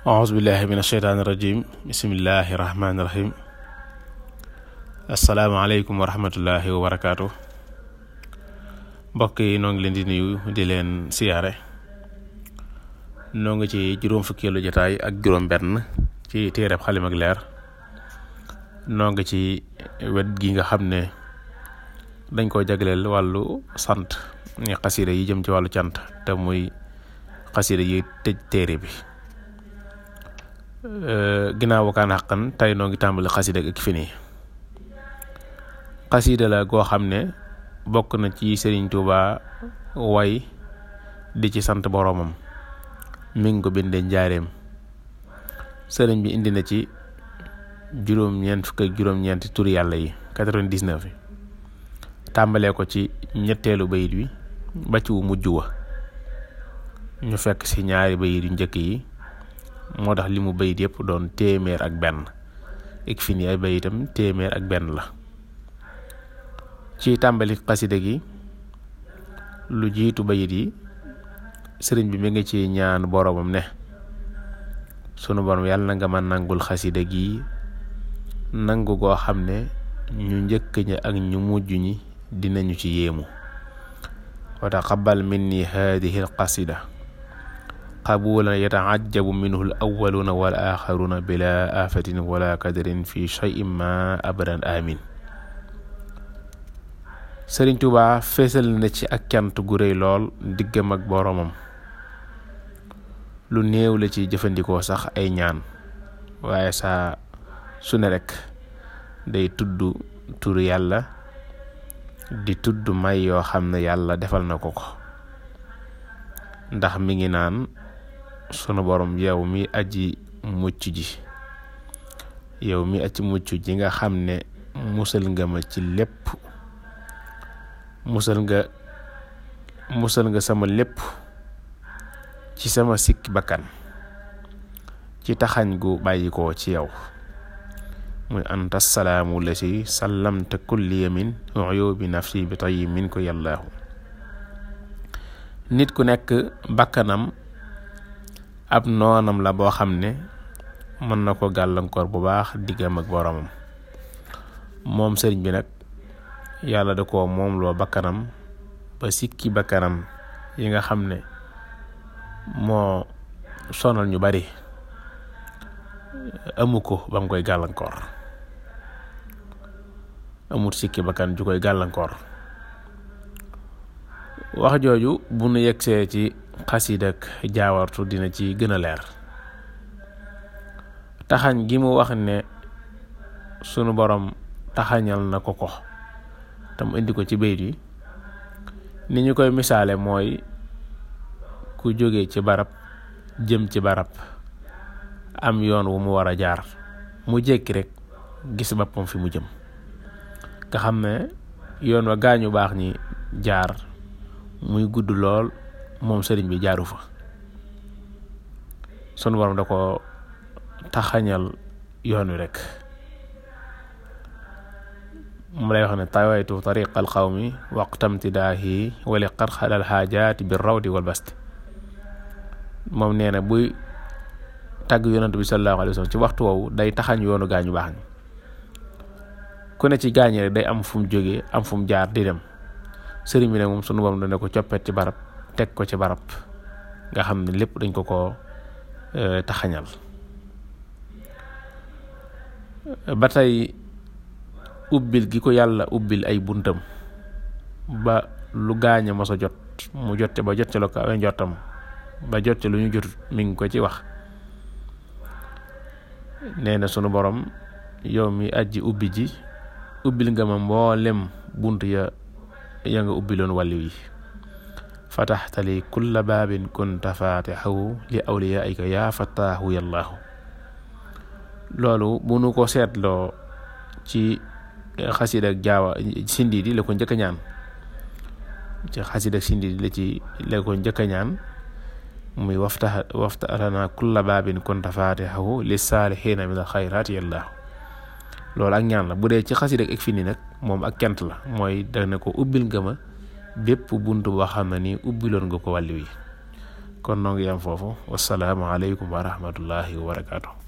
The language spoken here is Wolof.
ahousubillahi min asheytaani irajim bisimillahi irahmaaniirahim asalaamaaleykum wa rahmatullahi wa barakaatu mbokk yi noo ngi leen di nuyu di leen siyaare noo ngi ci juróom fukkeelu jotaay ak juróom benn ci téereb xalimag leer noo ngi ci wet gi nga xam ne dañ koo jagleel wàllu sant ni xasida yi jëm ci wàllu cant te muy xasida yi tëj téere bi Euh, ginnaaw wakaan xaqan tey noo ngi tàmbali xasida ak fini xasida la goo xam ne bokk na ci sëriñ Touba way di ci sant boroomam mu ngi ko bindee njaareem sëriñ bi indi na ci juróom-ñeent fukk ak juróom-ñeent tur yàlla yi 99 yi tàmbalee ko ci ñetteelu bayit wi ba ci wu mujj wa ñu fekk ci ñaari bayit yu njëkk yi moo tax li mu bayit yëpp doon téeméer ak benn ikfini ay bayitam téeméer ak benn la ci tàmbali xasida gi lu jiitu bayit yi sëriñ bi mu ngi ci ñaan boromam ne sunu borom yàlla nga ma nangul xasida gi nangu goo xam ne ñu njëkk ña ak ñu mujj ñi dinañu ci yéemu wa taqabbal minni haadihi alqasida qabulan yatacajjabu minhu al awaluuna wal axaruuna bila aafatin wala kadarin fi cheyin ma abadan amin sëriñ Tuubaa feesal na ci ak cant gu rëy lool diggam ak boroomam lu néew la ci jëfandikoo sax ay ñaan waaye sa su ne day tudd turu yàlla di tudd may yoo xam ne yàlla defal na ko ko ndax mi ngi naan sunu boroom yow mi aji mucc ji yow mi aji mucc ji nga xam ne musal nga ma ci lépp musal nga musal nga sama lépp ci sama sikki bakkan ci taxañ gu bàyyikoo ci yow muy anta salaamu la si sallamta kulli yamin waxyoo bi nafsi bi tayyi min ko yàllaahu nit ku nekk bakkanam ab noonam la boo xam ne mën na ko gàllankoor bu baax diggam ak boromam moom sëriñ bi nag yàlla da koo moom loo bakkanam ba sikki bakkanam yi nga xam ne moo sonal ñu bari amu ko ba mu koy gàllankoor amut sikki bakkan ju koy gàllankoor wax jooju bu nu yegsee ci xasiid ak jaawartu dina ci gën a leer taxañ gi mu wax ne sunu boroom taxañal na ko ko tam indi ko ci bayit yi ni ñu koy misaale mooy ku jóge ci barab jëm ci barab am yoon wu mu war a jaar mu jékki rekk gis boppam fi mu jëm nga xam ne yoon wa gaañu baax ni jaar muy gudd lool moom sëriñ bi jaaru fa sunu borom da ko taxañal yoon wi rek mu lay wax ne tawaytu tariq al qawmi waqtamtidaahi wali qarxal al xaajaati bi rawdi wal basti moom nee na buy tàgg yonent bi sallallahu alayhi ci waxtu woowu day taxañ yoonu gaañu baax ñi ku ne ci gaañi rek day am fu mu jógee am fu mu jaar di dem sëriñ bi ne moom sunu borom dana ko coppet ci barab teg ko ci barab nga xam ne lépp dañ ko ko e, taxañal ba tey ubbil gi ko yàlla ubbil ay buntam ba lu gaañe mos a jot mu jotte ba jot ci la ko awee njottam ba jot ci lu ñu jot mi ngi ko ci wax nee na sunu borom yow mi ajji ubbi ji ubbil nga ma mboolem bunt ya yaa nga ubbiloon wàlliw yi fataxta li kulla baabin kunta faatixahu li awliyaika yaa fataahu yallaahu loolu bu nu ko seetloo ci xasida ak jaawa sindi di la ko njëkk ñaan ci xasida ak muy wafta wafta lana kulla baabin kunta faatixahu li saalixiina min alxayraati yallaahu loolu ak ñaan la bu dee ci xasida ak fini nag moom ak kent la mooy dana ko ubbil nga bépp bunt boo xam ne ni ubbiloon nga ko wàlli wi kon noo ngi yam foofu wasalaamu aleykum wa rahmatullahi wa barakaatu